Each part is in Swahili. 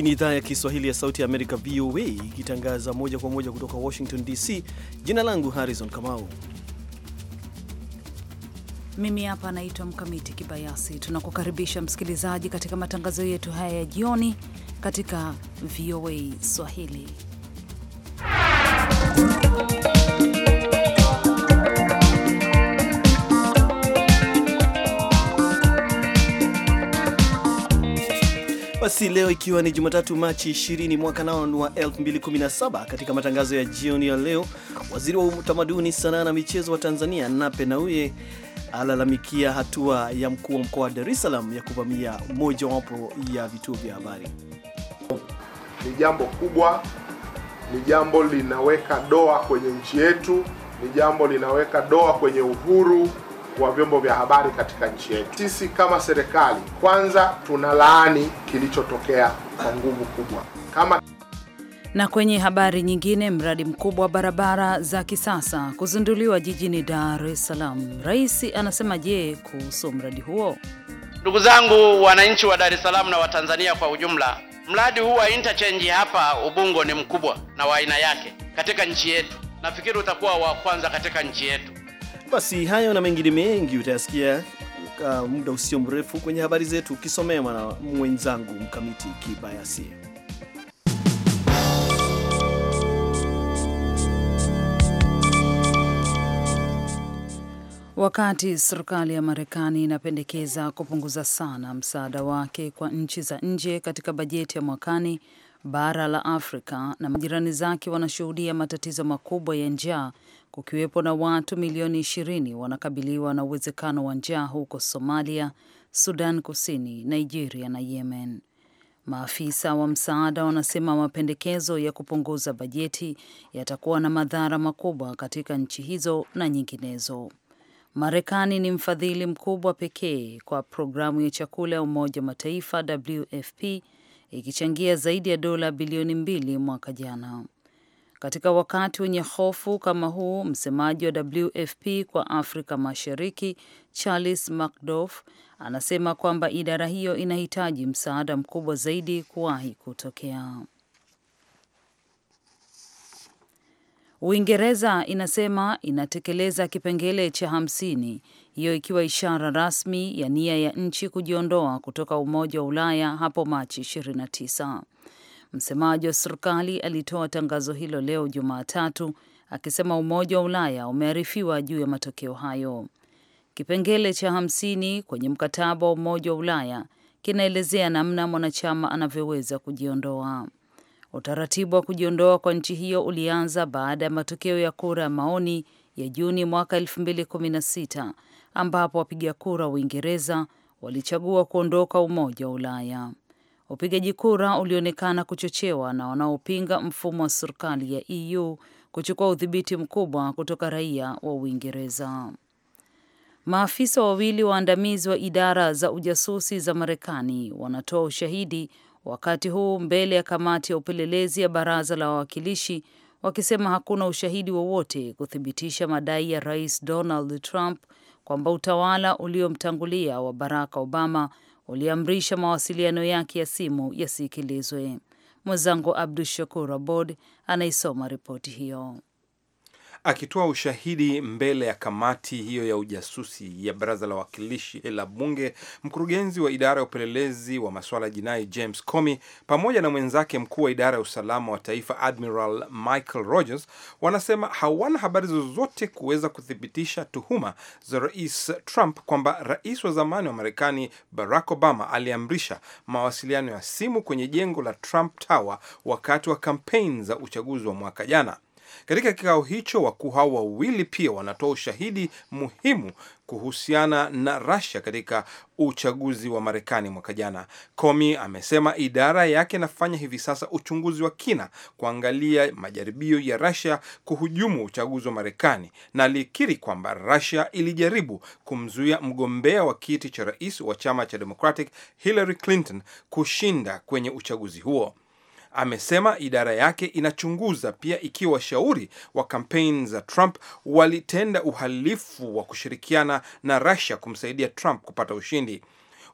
Hii ni idhaa ya Kiswahili ya Sauti ya Amerika, VOA, ikitangaza moja kwa moja kutoka Washington DC. Jina langu Harrison Kamau. Mimi hapa naitwa Mkamiti Kibayasi. Tunakukaribisha msikilizaji katika matangazo yetu haya ya jioni katika VOA Swahili Basi leo ikiwa ni Jumatatu, Machi 20 mwaka nao wa 2017, katika matangazo ya jioni ya leo, waziri wa utamaduni, sanaa na michezo wa Tanzania Nape Nnauye alalamikia hatua ya mkuu wa mkoa wa Dar es Salaam ya kuvamia mojawapo ya vituo vya habari. Ni jambo kubwa, ni jambo linaweka doa kwenye nchi yetu, ni jambo linaweka doa kwenye uhuru wa vyombo vya habari katika nchi yetu. Sisi kama serikali, kwanza tunalaani kilichotokea kwa nguvu kubwa kama na kwenye habari nyingine, mradi mkubwa wa barabara za kisasa kuzinduliwa jijini Dar es Salaam. Rais anasema je kuhusu mradi huo? Ndugu zangu wananchi wa Dar es Salaam na Watanzania kwa ujumla, mradi huu wa interchange hapa Ubungo ni mkubwa na wa aina yake katika nchi yetu. Nafikiri utakuwa wa kwanza katika nchi yetu. Basi hayo na mengine mengi utayasikia uh, muda usio mrefu kwenye habari zetu, ukisomewa na mwenzangu Mkamiti Kibayasi. Wakati serikali ya Marekani inapendekeza kupunguza sana msaada wake kwa nchi za nje katika bajeti ya mwakani, bara la Afrika na majirani zake wanashuhudia matatizo makubwa ya njaa kukiwepo na watu milioni 20 wanakabiliwa na uwezekano wa njaa huko Somalia, Sudan Kusini, Nigeria na Yemen. Maafisa wa msaada wanasema mapendekezo ya kupunguza bajeti yatakuwa na madhara makubwa katika nchi hizo na nyinginezo. Marekani ni mfadhili mkubwa pekee kwa programu ya chakula ya Umoja wa Mataifa WFP ikichangia zaidi ya dola bilioni mbili mwaka jana. Katika wakati wenye hofu kama huu, msemaji wa WFP kwa Afrika Mashariki Charles Macdof anasema kwamba idara hiyo inahitaji msaada mkubwa zaidi kuwahi kutokea. Uingereza inasema inatekeleza kipengele cha hamsini, hiyo ikiwa ishara rasmi ya nia ya nchi kujiondoa kutoka Umoja wa Ulaya hapo Machi 29. Msemaji wa serikali alitoa tangazo hilo leo Jumatatu akisema Umoja wa Ulaya umearifiwa juu ya matokeo hayo. Kipengele cha hamsini kwenye mkataba wa Umoja wa Ulaya kinaelezea namna mwanachama anavyoweza kujiondoa. Utaratibu wa kujiondoa kwa nchi hiyo ulianza baada ya matokeo ya kura ya maoni ya Juni mwaka 2016 ambapo wapiga kura Uingereza walichagua kuondoka Umoja wa Ulaya. Upigaji kura ulionekana kuchochewa na wanaopinga mfumo wa serikali ya EU kuchukua udhibiti mkubwa kutoka raia wa Uingereza. Maafisa wawili waandamizi wa idara za ujasusi za Marekani wanatoa ushahidi wakati huu mbele ya kamati ya upelelezi ya baraza la wawakilishi wakisema hakuna ushahidi wowote kuthibitisha madai ya Rais Donald Trump kwamba utawala uliomtangulia wa Barack Obama uliamrisha mawasiliano yake ya simu yasikilizwe. Mwenzangu Abdu Shakur Abod anaisoma ripoti hiyo. Akitoa ushahidi mbele ya kamati hiyo ya ujasusi ya baraza la wawakilishi la bunge, mkurugenzi wa idara ya upelelezi wa masuala ya jinai James Comey pamoja na mwenzake mkuu wa idara ya usalama wa taifa Admiral Michael Rogers wanasema hawana habari zozote kuweza kuthibitisha tuhuma za Rais Trump kwamba rais wa zamani wa Marekani Barack Obama aliamrisha mawasiliano ya simu kwenye jengo la Trump Tower wakati wa kampeni za uchaguzi wa mwaka jana. Katika kikao hicho, wakuu hao wawili pia wanatoa ushahidi muhimu kuhusiana na Russia katika uchaguzi wa Marekani mwaka jana. Comey amesema idara yake inafanya hivi sasa uchunguzi wa kina kuangalia majaribio ya Russia kuhujumu uchaguzi wa Marekani, na alikiri kwamba Russia ilijaribu kumzuia mgombea wa kiti cha rais wa chama cha Democratic Hillary Clinton kushinda kwenye uchaguzi huo amesema idara yake inachunguza pia ikiwa washauri wa kampeni za Trump walitenda uhalifu wa kushirikiana na Russia kumsaidia Trump kupata ushindi.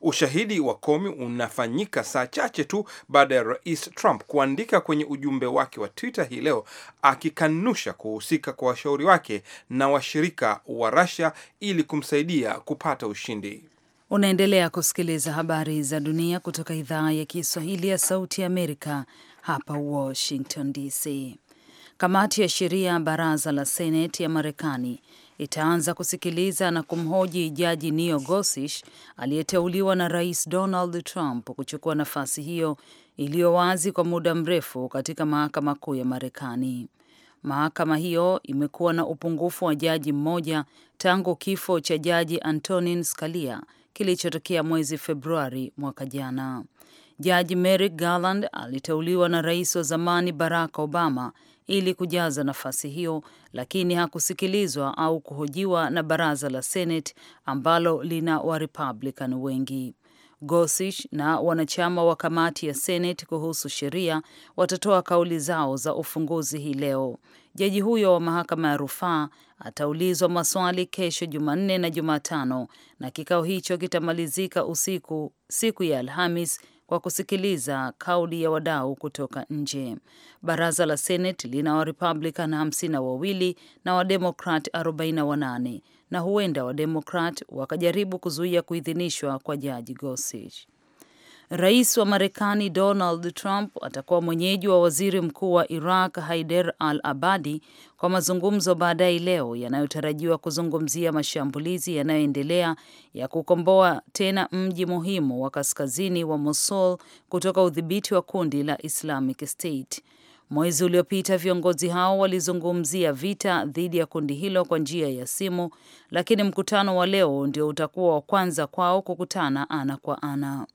Ushahidi wa Comey unafanyika saa chache tu baada ya Rais Trump kuandika kwenye ujumbe wake wa Twitter hii leo akikanusha kuhusika kwa washauri wake na washirika wa Russia ili kumsaidia kupata ushindi. Unaendelea kusikiliza habari za dunia kutoka idhaa ya Kiswahili ya Sauti ya Amerika hapa Washington DC. Kamati ya sheria baraza la Seneti ya Marekani itaanza kusikiliza na kumhoji jaji Neil Gorsuch aliyeteuliwa na Rais Donald Trump kuchukua nafasi hiyo iliyo wazi kwa muda mrefu katika mahakama kuu ya Marekani. Mahakama hiyo imekuwa na upungufu wa jaji mmoja tangu kifo cha jaji Antonin Scalia kilichotokea mwezi Februari mwaka jana. Jaji Merrick Garland aliteuliwa na rais wa zamani Barack Obama ili kujaza nafasi hiyo, lakini hakusikilizwa au kuhojiwa na baraza la Senate ambalo lina Warepublican wengi. Gorsuch na wanachama wa kamati ya Senate kuhusu sheria watatoa kauli zao za ufunguzi hii leo. Jaji huyo wa mahakama ya rufaa ataulizwa maswali kesho Jumanne na Jumatano, na kikao hicho kitamalizika usiku siku ya Alhamis kwa kusikiliza kauli ya wadau kutoka nje. Baraza la Seneti lina Warepublican hamsini na wawili na Wademokrat 48 na huenda Wademokrat wakajaribu kuzuia kuidhinishwa kwa jaji Gosich. Rais wa Marekani Donald Trump atakuwa mwenyeji wa waziri mkuu wa Iraq Haider al Abadi kwa mazungumzo baadaye leo yanayotarajiwa kuzungumzia mashambulizi yanayoendelea ya kukomboa tena mji muhimu wa kaskazini wa Mosul kutoka udhibiti wa kundi la Islamic State. Mwezi uliopita viongozi hao walizungumzia vita dhidi ya kundi hilo kwa njia ya simu, lakini mkutano wa leo ndio utakuwa wa kwanza kwao kukutana ana kwa ana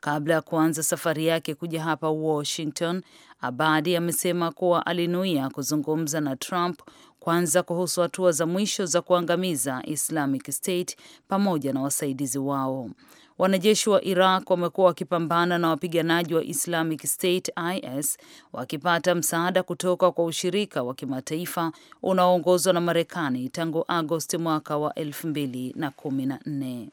kabla ya kuanza safari yake kuja hapa Washington. Abadi amesema kuwa alinuia kuzungumza na Trump kwanza kuhusu hatua za mwisho za kuangamiza Islamic State pamoja na wasaidizi wao. Wanajeshi wa Iraq wamekuwa wakipambana na wapiganaji wa Islamic State IS wakipata msaada kutoka kwa ushirika wa kimataifa unaoongozwa na Marekani tangu Agosti mwaka wa 214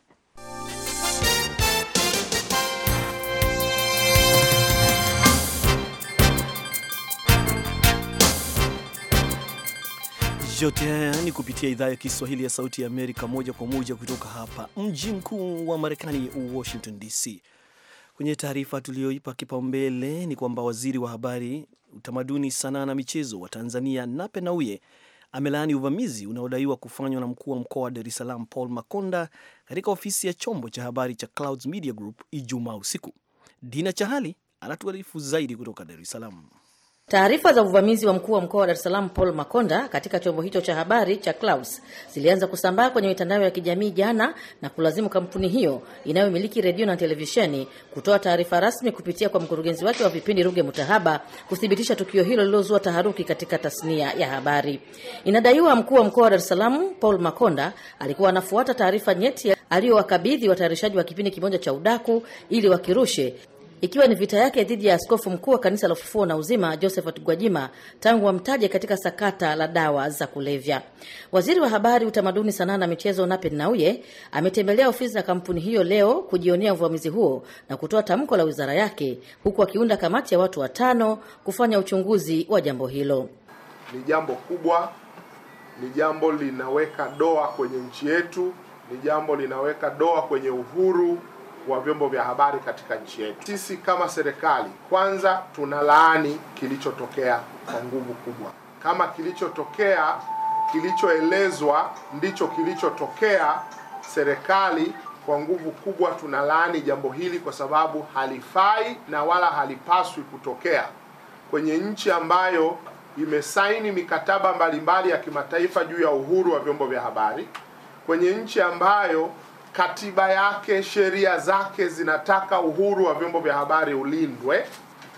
yote haya ni kupitia idhaa ya Kiswahili ya Sauti ya Amerika, moja kwa moja kutoka hapa mji mkuu wa Marekani, Washington DC. Kwenye taarifa tuliyoipa kipaumbele ni kwamba waziri wa habari, utamaduni, sanaa na michezo wa Tanzania Nape Nnauye amelaani uvamizi unaodaiwa kufanywa na mkuu wa mkoa wa Dar es Salaam Paul Makonda katika ofisi ya chombo cha habari cha Clouds Media Group Ijumaa usiku. Dina Chahali anatuarifu zaidi kutoka Dar es Salaam. Taarifa za uvamizi wa mkuu wa mkoa wa Dar es Salaam Paul Makonda katika chombo hicho cha habari cha Clouds zilianza kusambaa kwenye mitandao ya kijamii jana na kulazimu kampuni hiyo inayomiliki redio na televisheni kutoa taarifa rasmi kupitia kwa mkurugenzi wake wa vipindi Ruge Mutahaba kuthibitisha tukio hilo lililozua taharuki katika tasnia ya habari. Inadaiwa mkuu wa mkoa wa Dar es Salaam Paul Makonda alikuwa anafuata taarifa nyeti aliyowakabidhi watayarishaji wa kipindi kimoja cha udaku ili wakirushe ikiwa ni vita yake dhidi ya askofu mkuu wa kanisa la Ufufuo na Uzima Josephat Gwajima tangu amtaje katika sakata la dawa za kulevya. Waziri wa Habari, Utamaduni, Sanaa na Michezo Nape nauye ametembelea ofisi za kampuni hiyo leo kujionea uvamizi huo na kutoa tamko la wizara yake, huku akiunda kamati ya watu watano kufanya uchunguzi wa jambo hilo. Ni jambo kubwa, ni jambo linaweka doa kwenye nchi yetu, ni jambo linaweka doa kwenye uhuru wa vyombo vya habari katika nchi yetu. Sisi kama serikali, kwanza tunalaani kilichotokea kwa nguvu kubwa. Kama kilichotokea kilichoelezwa ndicho kilichotokea, serikali kwa nguvu kubwa tunalaani jambo hili kwa sababu halifai na wala halipaswi kutokea kwenye nchi ambayo imesaini mikataba mbalimbali ya kimataifa juu ya uhuru wa vyombo vya habari, kwenye nchi ambayo katiba yake, sheria zake zinataka uhuru wa vyombo vya habari ulindwe,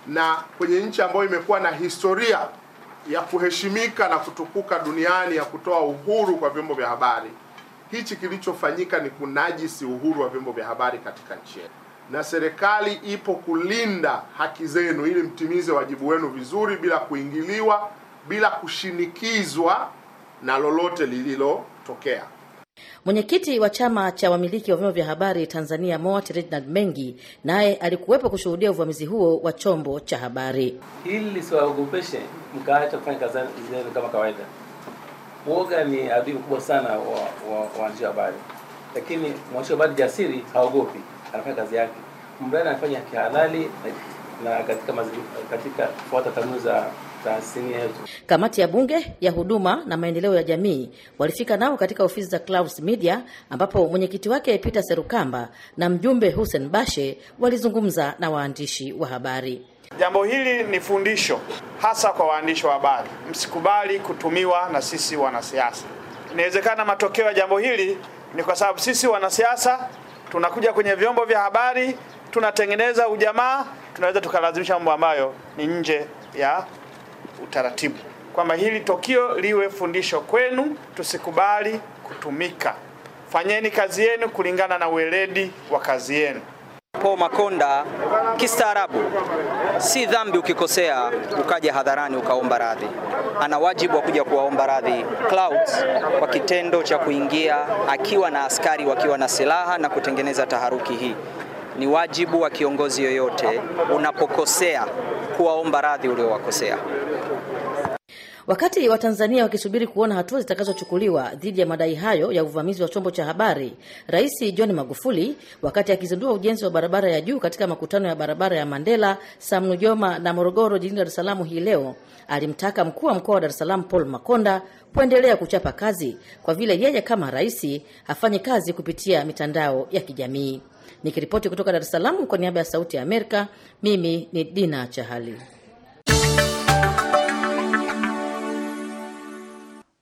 na kwenye nchi ambayo imekuwa na historia ya kuheshimika na kutukuka duniani ya kutoa uhuru kwa vyombo vya habari, hichi kilichofanyika ni kunajisi uhuru wa vyombo vya habari katika nchi yetu, na serikali ipo kulinda haki zenu ili mtimize wajibu wenu vizuri, bila kuingiliwa, bila kushinikizwa na lolote lililotokea. Mwenyekiti wa chama cha wamiliki wa vyombo vya habari Tanzania MOAT Reginald Mengi naye alikuwepo kushuhudia uvamizi huo wa chombo cha habari. Hili lisiwaogopeshe mkaacha kufanya kazi zenu kama kawaida. Woga ni adui mkubwa sana wa waandishi wa habari, lakini mwandishi wa habari jasiri haogopi, anafanya kazi yake, mradi anafanya kihalali na katika kufuata katika kanuni za Kamati ya Bunge ya Huduma na Maendeleo ya Jamii walifika nao katika ofisi za Clouds Media ambapo mwenyekiti wake Peter Serukamba na mjumbe Hussein Bashe walizungumza na waandishi wa habari. Jambo hili ni fundisho hasa kwa waandishi wa habari, msikubali kutumiwa na sisi wanasiasa. Inawezekana matokeo ya jambo hili ni kwa sababu sisi wanasiasa tunakuja kwenye vyombo vya habari, tunatengeneza ujamaa, tunaweza tukalazimisha mambo ambayo ni nje ya utaratibu, kwamba hili tukio liwe fundisho kwenu, tusikubali kutumika. Fanyeni kazi yenu kulingana na uweledi wa kazi yenu. Po Makonda kistaarabu, si dhambi ukikosea ukaja hadharani ukaomba radhi. Ana wajibu wa kuja kuwaomba radhi Clouds kwa kitendo cha kuingia akiwa na askari wakiwa na silaha na kutengeneza taharuki hii. Ni wajibu wa kiongozi yoyote unapokosea kuwaomba radhi uliowakosea. Wakati Watanzania wakisubiri kuona hatua zitakazochukuliwa dhidi ya madai hayo ya uvamizi wa chombo cha habari, Rais John Magufuli, wakati akizindua ujenzi wa barabara ya juu katika makutano ya barabara ya Mandela, Sam Nujoma na Morogoro jijini Dar es Salaam hii leo, alimtaka mkuu wa mkoa wa Dar es Salaam Paul Makonda kuendelea kuchapa kazi, kwa vile yeye kama rais hafanyi kazi kupitia mitandao ya kijamii. Nikiripoti kutoka Dar es Salaam kwa niaba ya Sauti ya Amerika, mimi ni Dina Chahali.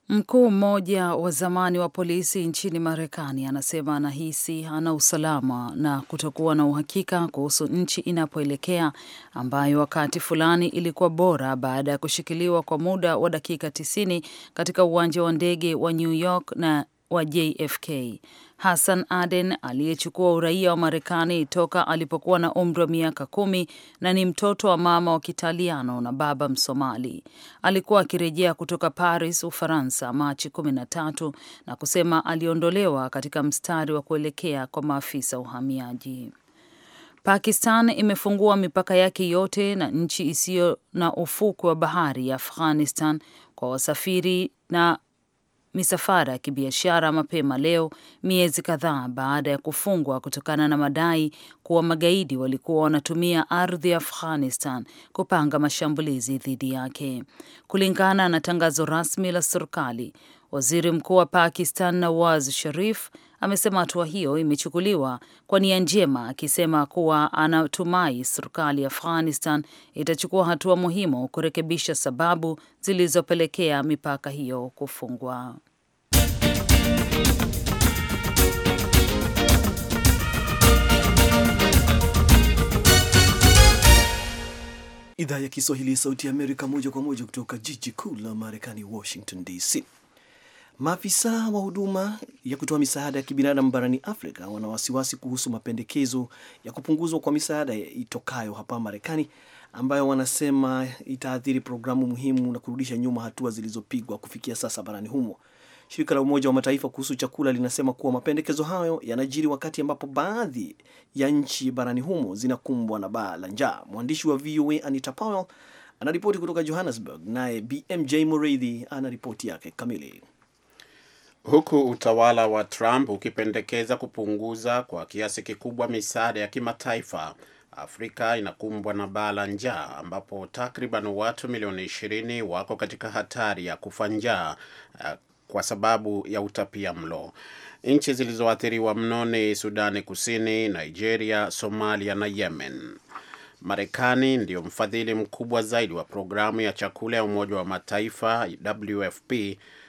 Mkuu mmoja wa zamani wa polisi nchini Marekani anasema anahisi ana usalama na kutokuwa na uhakika kuhusu nchi inapoelekea, ambayo wakati fulani ilikuwa bora baada ya kushikiliwa kwa muda wa dakika 90 katika uwanja wa ndege wa New York na wa JFK. Hassan Aden aliyechukua uraia wa Marekani toka alipokuwa na umri wa miaka kumi na ni mtoto wa mama wa Kitaliano na baba Msomali. Alikuwa akirejea kutoka Paris, Ufaransa, Machi kumi na tatu na kusema aliondolewa katika mstari wa kuelekea kwa maafisa uhamiaji. Pakistan imefungua mipaka yake yote na nchi isiyo na ufukwe wa bahari ya Afghanistan kwa wasafiri na misafara ya kibiashara mapema leo, miezi kadhaa baada ya kufungwa kutokana na madai kuwa magaidi walikuwa wanatumia ardhi ya Afghanistan kupanga mashambulizi dhidi yake. Kulingana na tangazo rasmi la serikali, waziri mkuu wa Pakistan Nawaz Sharif amesema hatua hiyo imechukuliwa kwa nia njema, akisema kuwa anatumai serikali ya Afghanistan itachukua hatua muhimu kurekebisha sababu zilizopelekea mipaka hiyo kufungwa. Idhaa ya Kiswahili ya Sauti ya Amerika, moja kwa moja kutoka jiji kuu la Marekani, Washington DC. Maafisa wa huduma ya kutoa misaada ya kibinadamu barani Afrika wana wasiwasi kuhusu mapendekezo ya kupunguzwa kwa misaada itokayo hapa Marekani ambayo wanasema itaathiri programu muhimu na kurudisha nyuma hatua zilizopigwa kufikia sasa barani humo. Shirika la Umoja wa Mataifa kuhusu chakula linasema kuwa mapendekezo hayo yanajiri wakati ambapo baadhi ya nchi barani humo zinakumbwa na baa la njaa. Mwandishi wa VOA Anita Powell anaripoti kutoka Johannesburg, naye BMJ Mureithi ana ripoti yake kamili huku utawala wa Trump ukipendekeza kupunguza kwa kiasi kikubwa misaada ya kimataifa. Afrika inakumbwa na baa la njaa ambapo takriban watu milioni ishirini wako katika hatari ya kufa njaa eh, kwa sababu ya utapia mlo. Nchi zilizoathiriwa mno ni Sudani Kusini, Nigeria, Somalia na Yemen. Marekani ndiyo mfadhili mkubwa zaidi wa programu ya chakula ya Umoja wa Mataifa WFP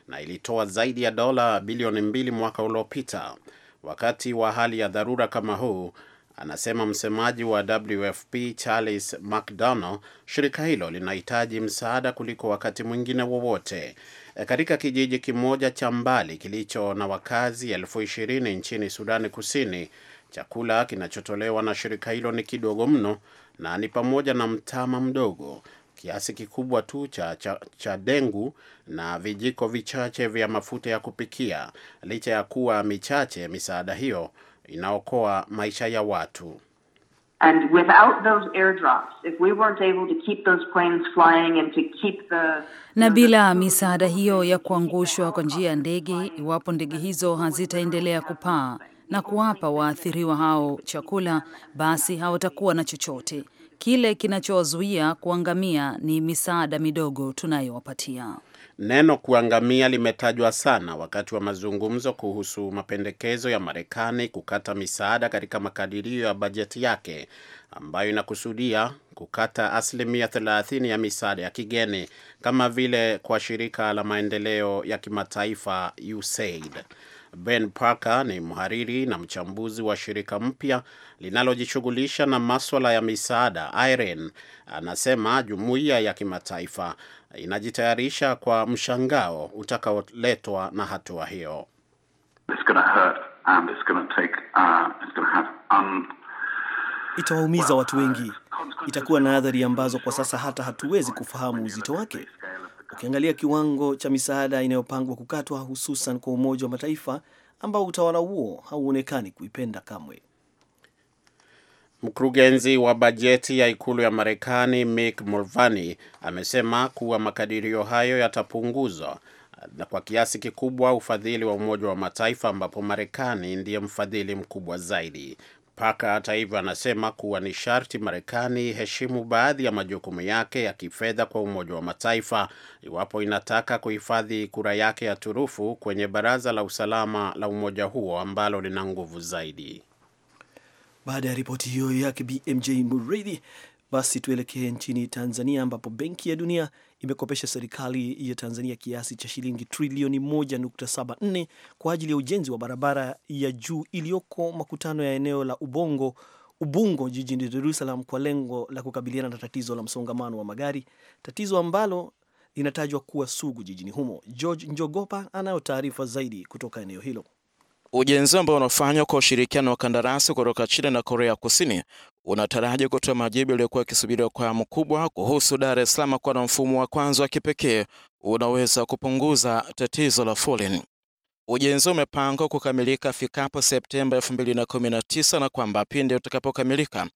na ilitoa zaidi ya dola bilioni mbili mwaka uliopita. Wakati wa hali ya dharura kama huu, anasema msemaji wa WFP Charles McDonnell, shirika hilo linahitaji msaada kuliko wakati mwingine wowote. E, katika kijiji kimoja cha mbali kilicho na wakazi elfu ishirini nchini Sudani Kusini, chakula kinachotolewa na shirika hilo ni kidogo mno na ni pamoja na mtama mdogo kiasi kikubwa tu cha, cha, cha dengu na vijiko vichache vya mafuta ya kupikia, licha ya kuwa michache misaada hiyo inaokoa maisha ya watu. And without those airdrops, if we weren't able to keep those planes flying and to keep the... na bila misaada hiyo ya kuangushwa kwa njia ya ndege, iwapo ndege hizo hazitaendelea kupaa na kuwapa waathiriwa hao chakula, basi hawatakuwa na chochote. Kile kinachowazuia kuangamia ni misaada midogo tunayowapatia. Neno kuangamia limetajwa sana wakati wa mazungumzo kuhusu mapendekezo ya Marekani kukata misaada katika makadirio ya bajeti yake ambayo inakusudia kukata asilimia 30 ya misaada ya kigeni kama vile kwa shirika la maendeleo ya kimataifa USAID. Ben Parker ni mhariri na mchambuzi wa shirika mpya linalojishughulisha na maswala ya misaada IREN. Anasema jumuiya ya kimataifa inajitayarisha kwa mshangao utakaoletwa na hatua hiyo. Uh, Itawaumiza watu wengi, uh, itakuwa na adhari ambazo kwa sasa hata hatuwezi kufahamu uzito wake. Ukiangalia kiwango cha misaada inayopangwa kukatwa, hususan kwa Umoja wa Mataifa ambao utawala huo hauonekani kuipenda kamwe. Mkurugenzi wa bajeti ya ikulu ya Marekani Mick Mulvaney amesema kuwa makadirio hayo yatapunguzwa na kwa kiasi kikubwa ufadhili wa Umoja wa Mataifa ambapo Marekani ndiye mfadhili mkubwa zaidi. Paka hata hivyo, anasema kuwa ni sharti Marekani iheshimu baadhi ya majukumu yake ya kifedha kwa Umoja wa Mataifa iwapo inataka kuhifadhi kura yake ya turufu kwenye Baraza la Usalama la umoja huo ambalo lina nguvu zaidi. Baada ya ripoti hiyo yake BMJ Muridhi, basi tuelekee nchini Tanzania ambapo Benki ya Dunia imekopesha serikali ya Tanzania kiasi cha shilingi trilioni 1.74 kwa ajili ya ujenzi wa barabara ya juu iliyoko makutano ya eneo la Ubongo Ubungo jijini Jerusalem kwa lengo la kukabiliana na tatizo la msongamano wa magari, tatizo ambalo linatajwa kuwa sugu jijini humo. George Njogopa anayo taarifa zaidi kutoka eneo hilo. Ujenzi ambao unafanywa kwa ushirikiano wa kandarasi kutoka China na Korea Kusini unataraji kutoa majibu yaliyokuwa yakisubiriwa kwa mkubwa kuhusu Dar es Salaam kuwa na mfumo wa kwanza wa kipekee unaweza kupunguza tatizo la foleni. Ujenzi umepangwa kukamilika fikapo Septemba 2019 na kwamba pindi utakapokamilika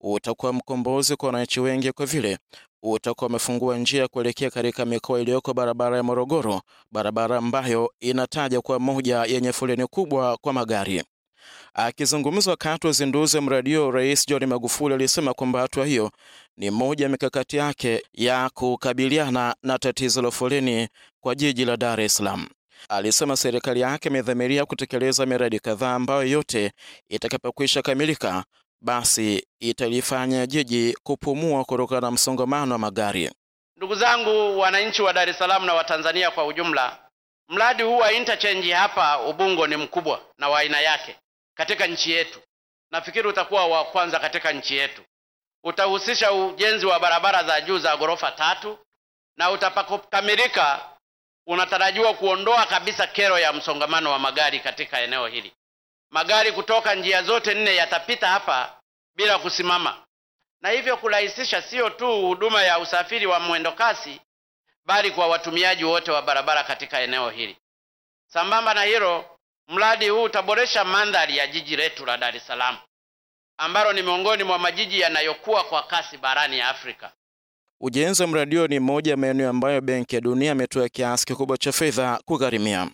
utakuwa mkombozi kwa wananchi wengi kwa vile utakuwa umefungua njia kuelekea katika mikoa iliyoko barabara ya Morogoro, barabara ambayo inataja kuwa moja yenye foleni kubwa kwa magari. Akizungumza wakati wa uzinduzi wa mradi huo, Rais John Magufuli alisema kwamba hatua hiyo ni moja ya mikakati yake ya kukabiliana na tatizo la foleni kwa jiji la Dar es Salaam. Alisema serikali yake imedhamiria kutekeleza miradi kadhaa ambayo yote itakapokwisha kamilika basi italifanya jiji kupumua kutokana na msongamano wa magari. Ndugu zangu wananchi wa Dar es Salaam na Watanzania kwa ujumla, mradi huu wa interchange hapa Ubungo ni mkubwa na wa aina yake katika nchi yetu. Nafikiri utakuwa wa kwanza katika nchi yetu. Utahusisha ujenzi wa barabara za juu za ghorofa tatu, na utakapokamilika unatarajiwa kuondoa kabisa kero ya msongamano wa magari katika eneo hili. Magari kutoka njia zote nne yatapita hapa bila kusimama, na hivyo kurahisisha sio tu huduma ya usafiri wa mwendo kasi, bali kwa watumiaji wote wa barabara katika eneo hili. Sambamba na hilo Mradi huu utaboresha mandhari ya jiji letu la Dar es Salaam ambalo ni miongoni mwa majiji yanayokuwa kwa kasi barani ya Afrika. Ujenzi wa mradi huo ni moja ya maeneo ambayo Benki ya Dunia ametoa kiasi kikubwa cha fedha kugharimia.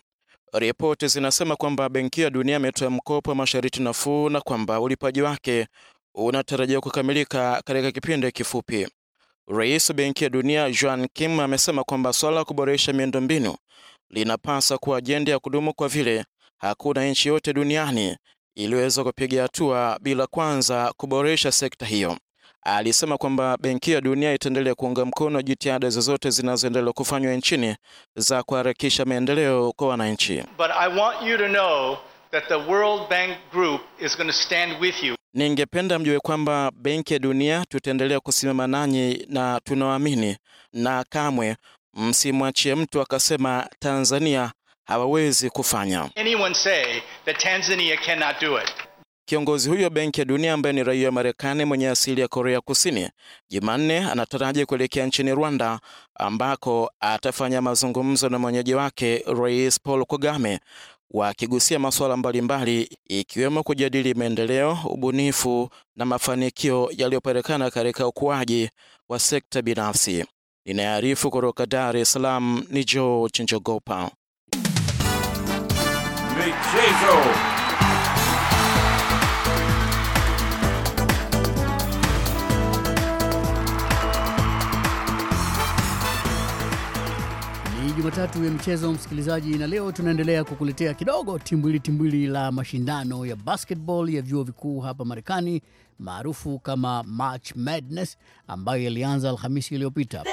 Ripoti zinasema kwamba Benki ya Dunia ametoa mkopo wa masharti nafuu na kwamba ulipaji wake unatarajiwa kukamilika katika kipindi kifupi. Rais wa Benki ya Dunia Joan Kim amesema kwamba swala la kuboresha miundombinu linapaswa kuwa ajenda ya kudumu kwa vile Hakuna nchi yote duniani iliyoweza kupiga hatua bila kwanza kuboresha sekta hiyo. Alisema kwamba Benki ya Dunia itaendelea kuunga mkono jitihada zozote zinazoendelea kufanywa nchini za kuharakisha maendeleo kwa wananchi. But I want you to know that the World Bank Group is going to stand with you. Ningependa mjue kwamba Benki ya Dunia tutaendelea kusimama nanyi na tunawaamini, na kamwe msimwachie mtu akasema Tanzania hawawezi kufanya. Kiongozi huyo Benki ya Dunia ambaye ni raia wa Marekani mwenye asili ya Korea Kusini, Jumanne anataraji kuelekea nchini Rwanda ambako atafanya mazungumzo na mwenyeji wake Rais Paul Kagame wakigusia masuala mbalimbali ikiwemo kujadili maendeleo, ubunifu na mafanikio yaliyopatikana katika ukuaji wa sekta binafsi. Ninaarifu kutoka Dar es Salaam ni George Njogopa. Jaso. Jumatatu ya michezo msikilizaji, na leo tunaendelea kukuletea kidogo timbwili timbwili la mashindano ya basketball ya vyuo vikuu hapa Marekani maarufu kama March Madness ambayo yalianza Alhamisi iliyopita.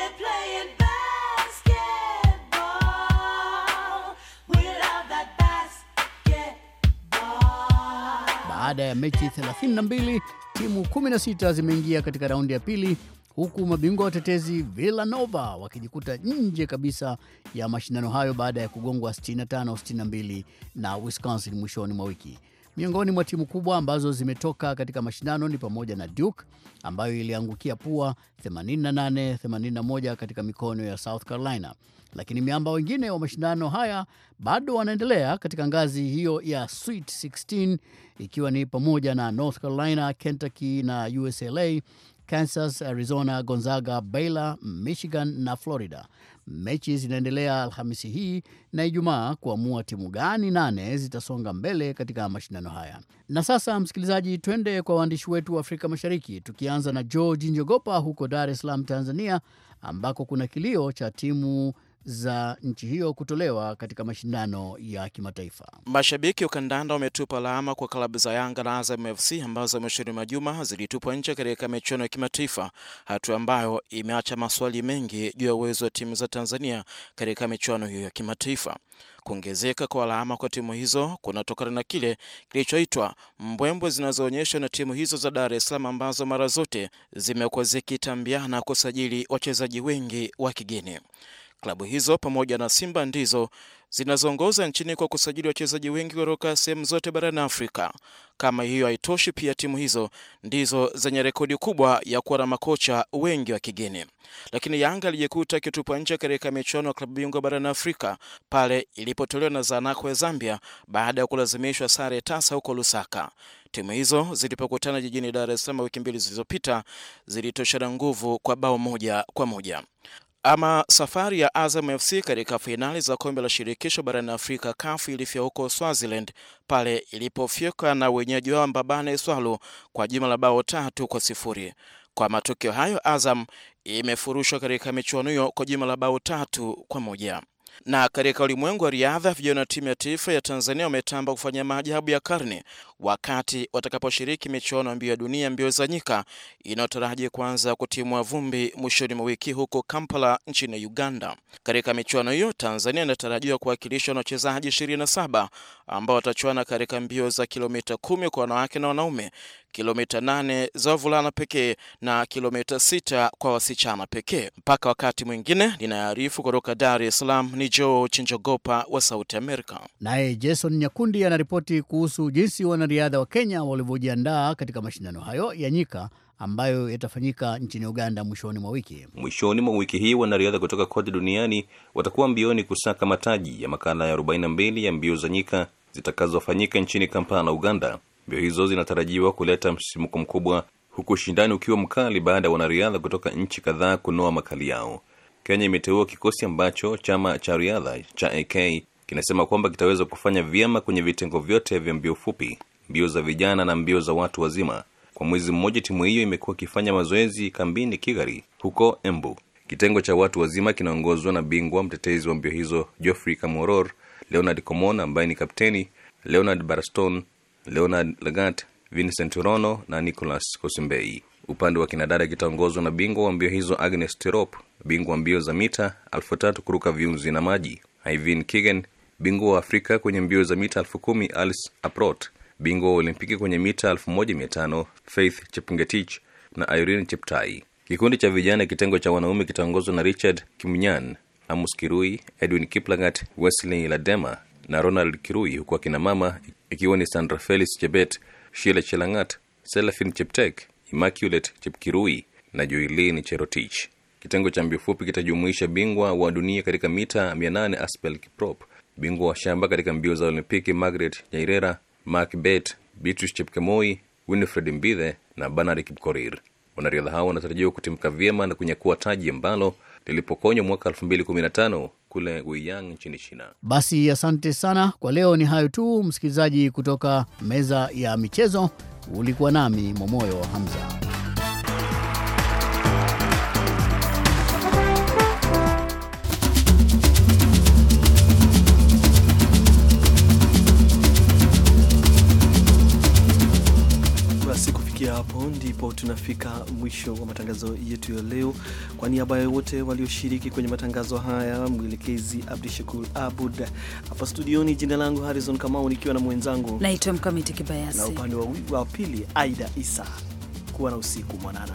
Baada ya mechi 32, timu 16 zimeingia katika raundi ya pili, huku mabingwa watetezi Villanova wakijikuta nje kabisa ya mashindano hayo baada ya kugongwa 65 62 na Wisconsin mwishoni mwa wiki. Miongoni mwa timu kubwa ambazo zimetoka katika mashindano ni pamoja na Duke ambayo iliangukia pua 88 81 katika mikono ya South Carolina, lakini miamba wengine wa mashindano haya bado wanaendelea katika ngazi hiyo ya Sweet 16 ikiwa ni pamoja na North Carolina, Kentucky na UCLA Kansas, Arizona, Gonzaga, Baylor, Michigan na Florida. Mechi zinaendelea Alhamisi hii na Ijumaa kuamua timu gani nane zitasonga mbele katika mashindano haya. Na sasa, msikilizaji, twende kwa waandishi wetu wa Afrika Mashariki, tukianza na George Njogopa huko Dar es Salaam, Tanzania, ambako kuna kilio cha timu za nchi hiyo kutolewa katika mashindano ya kimataifa. Mashabiki wa kandanda wametupa alama kwa klabu za Yanga na Azam FC ambazo mwishoni mwa juma zilitupwa nje katika michuano ya kimataifa, hatua ambayo imeacha maswali mengi juu ya uwezo wa timu za Tanzania katika michuano hiyo ya kimataifa. Kuongezeka kwa alama kwa timu hizo kunatokana na kile kilichoitwa mbwembwe zinazoonyeshwa na timu hizo za Dar es Salaam ambazo mara zote zimekuwa zikitambiana kusajili wachezaji wengi wa kigeni. Klabu hizo pamoja na Simba ndizo zinazoongoza nchini kwa kusajili wachezaji wengi kutoka sehemu zote barani Afrika. Kama hiyo haitoshi, pia timu hizo ndizo zenye rekodi kubwa ya kuwa na makocha wengi wa kigeni. Lakini Yanga alijikuta akitupwa nje katika michuano ya klabu bingwa barani Afrika pale ilipotolewa na Zanaco ya Zambia baada ya kulazimishwa sare tasa huko Lusaka. Timu hizo zilipokutana jijini Dar es Salaam wiki mbili zilizopita zilitoshana nguvu kwa bao moja kwa moja. Ama safari ya Azam FC katika fainali za kombe la shirikisho barani Afrika CAF ilifia huko Swaziland pale ilipofyeka na wenyeji wao Mbabane Swalu kwa jumla la bao tatu kwa sifuri. Kwa matokeo hayo, Azam imefurushwa katika michuano hiyo kwa jumla la bao tatu kwa moja. Na katika ulimwengu wa riadha, vijana wa timu ya taifa ya Tanzania wametamba kufanya maajabu ya karne wakati watakaposhiriki michuano ya mbio ya dunia mbio za nyika inayotaraji kuanza kutimwa vumbi mwishoni mwa wiki huko Kampala nchini Uganda. Katika michuano hiyo, Tanzania inatarajiwa kuwakilishwa na wachezaji 27 ambao watachuana katika mbio za kilomita kumi kwa wanawake na wanaume, kilomita nane za wavulana pekee na kilomita sita kwa wasichana pekee. Mpaka wakati mwingine, ninaarifu kutoka Dar es Salaam ni Joe Chinjogopa wa Sauti Amerika. Naye Jason Nyakundi anaripoti kuhusu jinsi wana wanariadha wa Kenya walivyojiandaa katika mashindano hayo ya nyika ambayo yatafanyika nchini Uganda mwishoni mwa wiki. Mwishoni mwa wiki hii wanariadha kutoka kote duniani watakuwa mbioni kusaka mataji ya makala ya 42 ya mbio za nyika zitakazofanyika nchini Kampala, Uganda. Mbio hizo zinatarajiwa kuleta msimuko mkubwa, huku ushindani ukiwa mkali baada ya wanariadha kutoka nchi kadhaa kunoa makali yao. Kenya imeteua kikosi ambacho chama cha riadha cha AK kinasema kwamba kitaweza kufanya vyema kwenye vitengo vyote vya mbio fupi mbio za vijana na mbio za watu wazima. Kwa mwezi mmoja, timu hiyo imekuwa ikifanya mazoezi kambini kigari huko Embu. Kitengo cha watu wazima kinaongozwa na bingwa mtetezi wa mbio hizo Geoffrey camoror Leonard comon ambaye ni kapteni, Leonard Baraston, Leonard legat Vincent Rono na Nicolas Kosimbei. Upande wa kinadada kitaongozwa na bingwa wa mbio hizo Agnes Tirop, bingwa mbio za mita 3 kuruka viunzi na maji, Ivin Kigen, bingwa wa Afrika kwenye mbio za mita 1 Alice Aprot bingwa wa olimpiki kwenye mita 1500 Faith Chepngetich na Irene Cheptai. Kikundi cha vijana kitengo cha wanaume kitaongozwa na Richard Kimnyan, amus Kirui, Edwin Kiplagat, Wesley Ladema na Ronald Kirui, huku akina mama ikiwa ni Sandra Felis Chebet, shile Chelangat, Selafin Cheptek, imaculet Chepkirui na Joilin Cherotich. Kitengo cha mbio fupi kitajumuisha bingwa wa dunia katika mita 800 Aspel Kiprop, bingwa wa shamba katika mbio za Olimpiki Margaret Nyairera bet Beatrice Chepkemoi, Winifred Mbithe na Bernard Kipkorir. Wanariadha hao wanatarajiwa kutimka vyema na kunyakua taji ambalo lilipokonywa mwaka 2015 kule Guiyang nchini China. Basi asante sana kwa leo, ni hayo tu msikilizaji, kutoka meza ya michezo. Ulikuwa nami Momoyo Hamza. ndipo tunafika mwisho wa matangazo yetu ya leo. Kwa niaba ya wote walioshiriki kwenye matangazo haya, mwelekezi Abdi Shakur Abud hapa studioni, jina langu Harrison Kamau nikiwa na mwenzangu naitwa Mkamiti Kibayasi, na upande wa pili Aida Isa. Kuwa na usiku mwanana.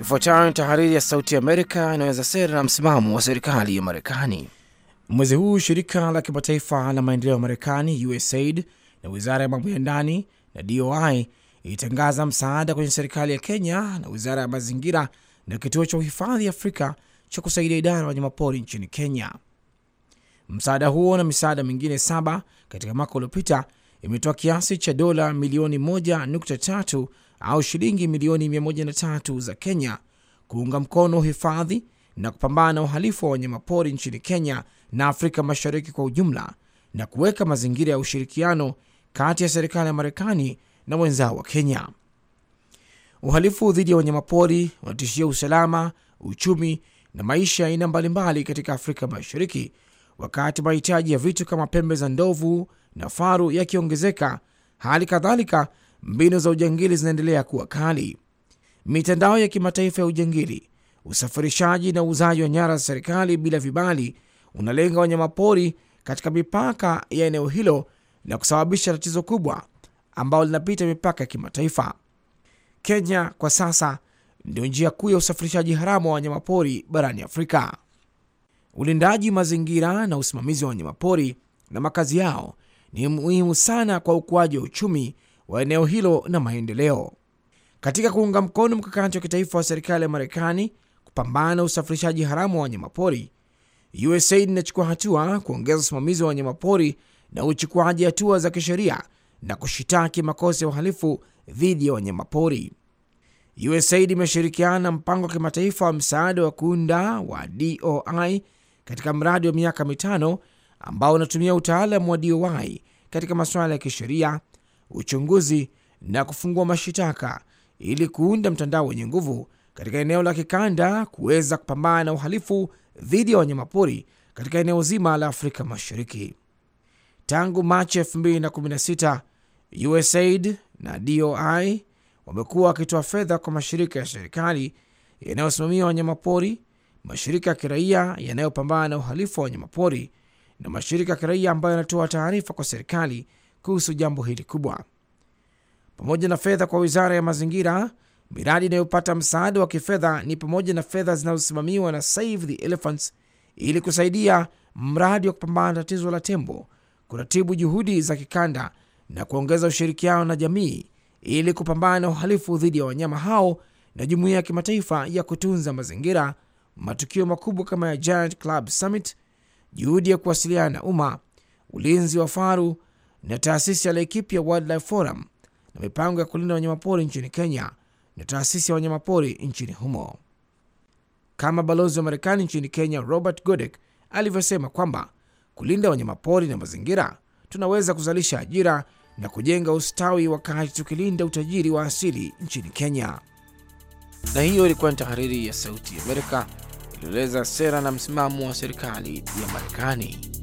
Ifuatayo ni tahariri ya Sauti Amerika inaweza sera na msimamo wa serikali ya Marekani. Mwezi huu shirika la kimataifa la maendeleo ya Marekani, USAID, na wizara ya mambo ya ndani na DOI ilitangaza msaada kwenye serikali ya Kenya na wizara ya mazingira na kituo cha uhifadhi Afrika cha kusaidia idara ya wanyamapori nchini Kenya. Msaada huo na misaada mingine saba katika mwaka uliopita imetoa kiasi cha dola milioni 1.3 au shilingi milioni 103 za Kenya kuunga mkono uhifadhi na kupambana na uhalifu wa wanyamapori nchini Kenya na Afrika Mashariki kwa ujumla na kuweka mazingira ya ushirikiano kati ya serikali ya Marekani na wenzao wa Kenya. Uhalifu dhidi ya wanyamapori unatishia usalama, uchumi na maisha ya aina mbalimbali katika Afrika Mashariki, wakati mahitaji ya vitu kama pembe za ndovu na faru yakiongezeka, hali kadhalika Mbinu za ujangili zinaendelea kuwa kali. Mitandao ya kimataifa ya ujangili, usafirishaji na uuzaji wa nyara za serikali bila vibali unalenga wanyamapori katika mipaka ya eneo hilo na kusababisha tatizo kubwa ambalo linapita mipaka ya kimataifa. Kenya kwa sasa ndio njia kuu ya usafirishaji haramu wa wanyamapori barani Afrika. Ulindaji mazingira na usimamizi wa wanyamapori na makazi yao ni muhimu sana kwa ukuaji wa uchumi wa eneo hilo na maendeleo. Katika kuunga mkono mkakati wa kitaifa wa serikali ya Marekani kupambana na usafirishaji haramu wa wanyamapori, USAID inachukua hatua kuongeza usimamizi wa wanyamapori na uchukuaji hatua za kisheria na kushitaki makosa ya uhalifu dhidi ya wanyamapori. USAID imeshirikiana na mpango wa kimataifa wa msaada wa kuunda wa DOI katika mradi wa miaka mitano ambao unatumia utaalamu wa DOI katika masuala ya kisheria, uchunguzi na kufungua mashitaka ili kuunda mtandao wenye nguvu katika eneo la kikanda kuweza kupambana na uhalifu dhidi ya wanyamapori katika eneo zima la Afrika Mashariki. Tangu Machi 2016, USAID na DOI wamekuwa wakitoa fedha kwa mashirika ya serikali yanayosimamia wanyamapori, mashirika ya kiraia yanayopambana na uhalifu wa wanyamapori na mashirika ya kiraia ambayo yanatoa taarifa kwa serikali kuhusu jambo hili kubwa. Pamoja na fedha kwa wizara ya mazingira, miradi inayopata msaada wa kifedha ni pamoja na fedha zinazosimamiwa na Save the Elephants ili kusaidia mradi wa kupambana na tatizo la tembo, kuratibu juhudi za kikanda na kuongeza ushirikiano na jamii ili kupambana na uhalifu dhidi ya wanyama hao na jumuiya ya kimataifa ya kutunza mazingira, matukio makubwa kama ya Giant Club Summit, juhudi ya kuwasiliana na umma, ulinzi wa faru na taasisi ya Laikipia Wildlife Forum na mipango ya kulinda wanyamapori nchini Kenya na taasisi ya wanyamapori nchini humo, kama balozi wa Marekani nchini Kenya Robert Godek alivyosema kwamba kulinda wanyamapori na mazingira, tunaweza kuzalisha ajira na kujenga ustawi wakati tukilinda utajiri wa asili nchini Kenya. Na hiyo ilikuwa ni tahariri ya Sauti ya Amerika iliyoeleza sera na msimamo wa serikali ya Marekani.